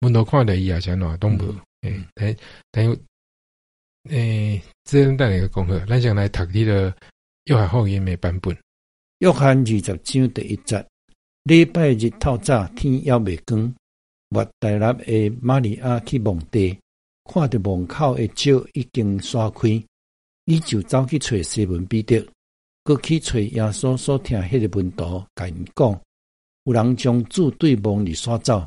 阮頭看的伊也是動物。北，誒、嗯，等、嗯，哎、欸，之前帶來個功課，咱先來讀啲的約翰福音嘅版本。約翰二十章第一節，禮拜日透早天猶未光，我帶入誒瑪利亞去墓地，看到墓口嘅石已經刷開，伊就走去揣西門彼得，佫去揣耶穌所聽迄個門徒甲因講，有人將主對墓裏刷走。